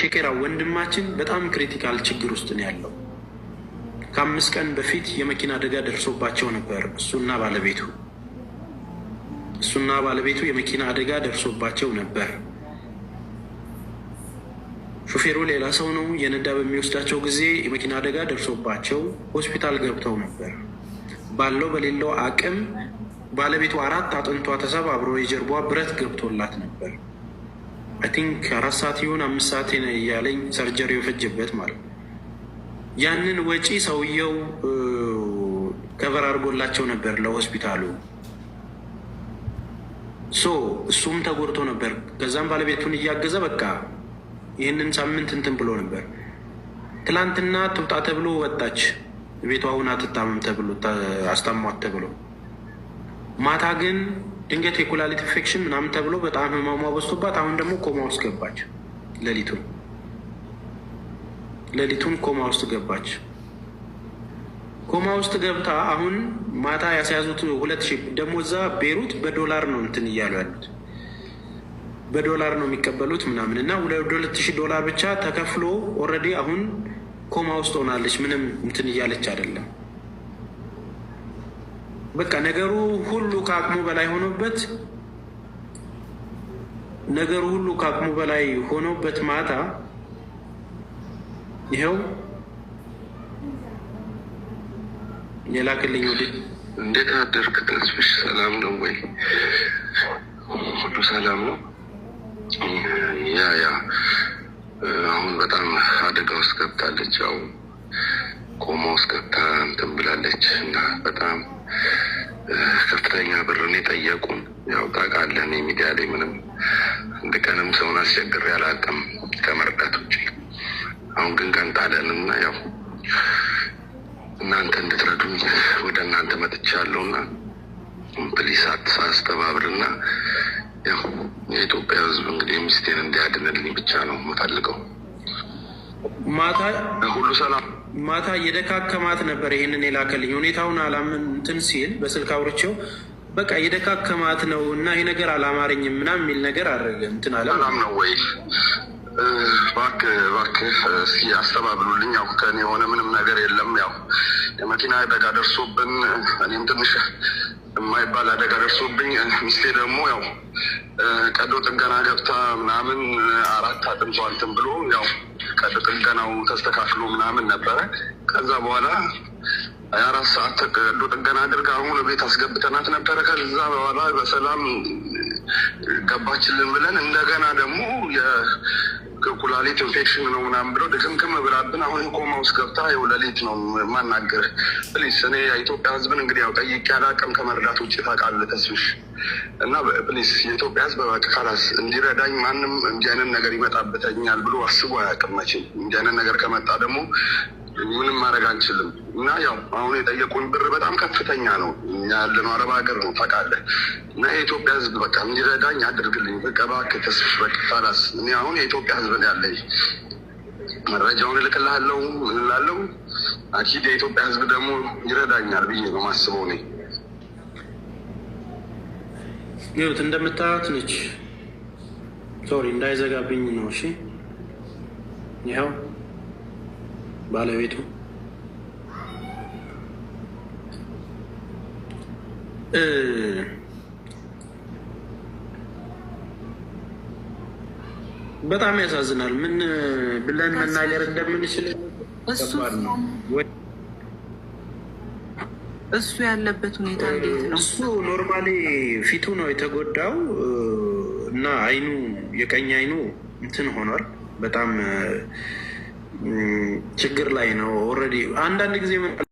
ሸኬራ ወንድማችን በጣም ክሪቲካል ችግር ውስጥ ነው ያለው። ከአምስት ቀን በፊት የመኪና አደጋ ደርሶባቸው ነበር። እሱና ባለቤቱ እሱና ባለቤቱ የመኪና አደጋ ደርሶባቸው ነበር። ሹፌሩ ሌላ ሰው ነው የነዳ። በሚወስዳቸው ጊዜ የመኪና አደጋ ደርሶባቸው ሆስፒታል ገብተው ነበር። ባለው በሌለው አቅም ባለቤቱ አራት አጥንቷ ተሰባብሮ የጀርባዋ ብረት ገብቶላት ነበር። አይ ቲንክ አራት ሰዓት ይሁን አምስት ሰዓት እያለኝ ሰርጀሪ የፈጀበት ማለት ነው። ያንን ወጪ ሰውየው ከቨር አድርጎላቸው ነበር ለሆስፒታሉ። ሶ እሱም ተጎድቶ ነበር። ከዛም ባለቤቱን እያገዘ በቃ ይህንን ሳምንት እንትን ብሎ ነበር። ትላንትና ትውጣ ተብሎ ወጣች። ቤቷ ሁና አትታመም ተብሎ አስታሟት ተብሎ ማታ ግን ድንገት የኩላሊት ኢንፌክሽን ምናምን ተብሎ በጣም ህመሟ በዝቶባት አሁን ደግሞ ኮማ ውስጥ ገባች። ሌሊቱን ሌሊቱን ኮማ ውስጥ ገባች። ኮማ ውስጥ ገብታ አሁን ማታ ያስያዙት ሁለት ሺህ ደግሞ እዛ ቤሩት በዶላር ነው እንትን እያሉ ያሉት በዶላር ነው የሚቀበሉት ምናምን እና ሁለት ሺህ ዶላር ብቻ ተከፍሎ ኦልሬዲ አሁን ኮማ ውስጥ ሆናለች። ምንም እንትን እያለች አይደለም በቃ ነገሩ ሁሉ ከአቅሙ በላይ ሆኖበት ነገሩ ሁሉ ከአቅሙ በላይ ሆኖበት ማታ ይኸው የላክልኝ ወደ እንዴት አደርክ? ተስፍሽ ሰላም ነው ወይ? ሁሉ ሰላም ነው? ያ ያ አሁን በጣም አደጋ ውስጥ ገብታለች። ያው ቆማ ውስጥ ገብታ እንትን ብላለች እና በጣም ከፍተኛ ብርን የጠየቁን ያው ታውቃለህ፣ እኔ ሚዲያ ላይ ምንም አንድ ቀንም ሰውን አስቸግሬ አላውቅም ከመርዳት ውጭ። አሁን ግን ቀንጣለን እና ያው እናንተ እንድትረዱኝ ወደ እናንተ መጥቻለሁ እና ፕሊስ አስተባብርና ያው የኢትዮጵያ ሕዝብ እንግዲህ ሚስቴን እንዲያድንልኝ ብቻ ነው የምፈልገው። ማታ ሁሉ ሰላም ማታ የደካከማት ነበር። ይህንን የላከልኝ ሁኔታውን አላምንትን ሲል በስልክ አውርቼው በቃ የደካከማት ነው እና ይህ ነገር አላማረኝም ምናምን የሚል ነገር አድረገ እንትን አለ ሰላም ነው ወይ እባክህ እባክህ እስኪ አስተባብሉልኝ። ያው ከኔ የሆነ ምንም ነገር የለም። ያው የመኪና አደጋ ደርሶብን እኔም ትንሽ የማይባል አደጋ ደርሶብኝ ሚስቴ ደግሞ ያው ቀዶ ጥገና ገብታ ምናምን አራት አጥንቷ እንትን ብሎ ያው ጥገናው ተስተካክሎ ምናምን ነበረ። ከዛ በኋላ አራት ሰዓት ተቀዶ ጥገና አድርግ አሁን ቤት አስገብተናት ነበረ። ከዛ በኋላ በሰላም ገባችልን ብለን እንደገና ደግሞ ኩላሊት ኢንፌክሽን ነው ምናምን ብለው ድክምክም ብላብን አሁን ኮማ ውስጥ ገብታ ይኸው ነው ማናገር። ፕሊስ እኔ የኢትዮጵያ ህዝብን እንግዲህ ያው ጠይቄ አላውቅም ከመረዳት ውጭ ታውቃለህ ተስብሽ እና ፕሊስ የኢትዮጵያ ህዝብ በቃ ካላስ እንዲረዳኝ ማንም እንዲህ አይነት ነገር ይመጣበተኛል ብሎ አስቦ አያውቅም። መቼም እንዲህ አይነት ነገር ከመጣ ደግሞ ምንም ማድረግ አንችልም እና ያው አሁን የጠየቁን ብር በጣም ከፍተኛ ነው። እኛ ያለነው አረብ ሀገር ነው ታውቃለህ። እና የኢትዮጵያ ሕዝብ በቃ እንዲረዳኝ አድርግልኝ። በቃ እባክህ ተስፋ በቅፋላስ እኔ አሁን የኢትዮጵያ ሕዝብ ነው ያለኝ። መረጃውን እልክልሃለሁ። ምን እላለሁ አኪድ የኢትዮጵያ ሕዝብ ደግሞ ይረዳኛል ብዬ ነው ማስበው እኔ ይሁት እንደምታዩት ነች። ሶሪ እንዳይዘጋብኝ ነው። እሺ ይኸው ባለቤቱ በጣም ያሳዝናል። ምን ብለን መናገር እንደምንችል እሱ ያለበት ሁኔታ እንዴት ነው? እሱ ኖርማሊ ፊቱ ነው የተጎዳው እና አይኑ የቀኝ አይኑ እንትን ሆኗል በጣም ችግር ላይ ነው። ኦልሬዲ አንዳንድ ጊዜ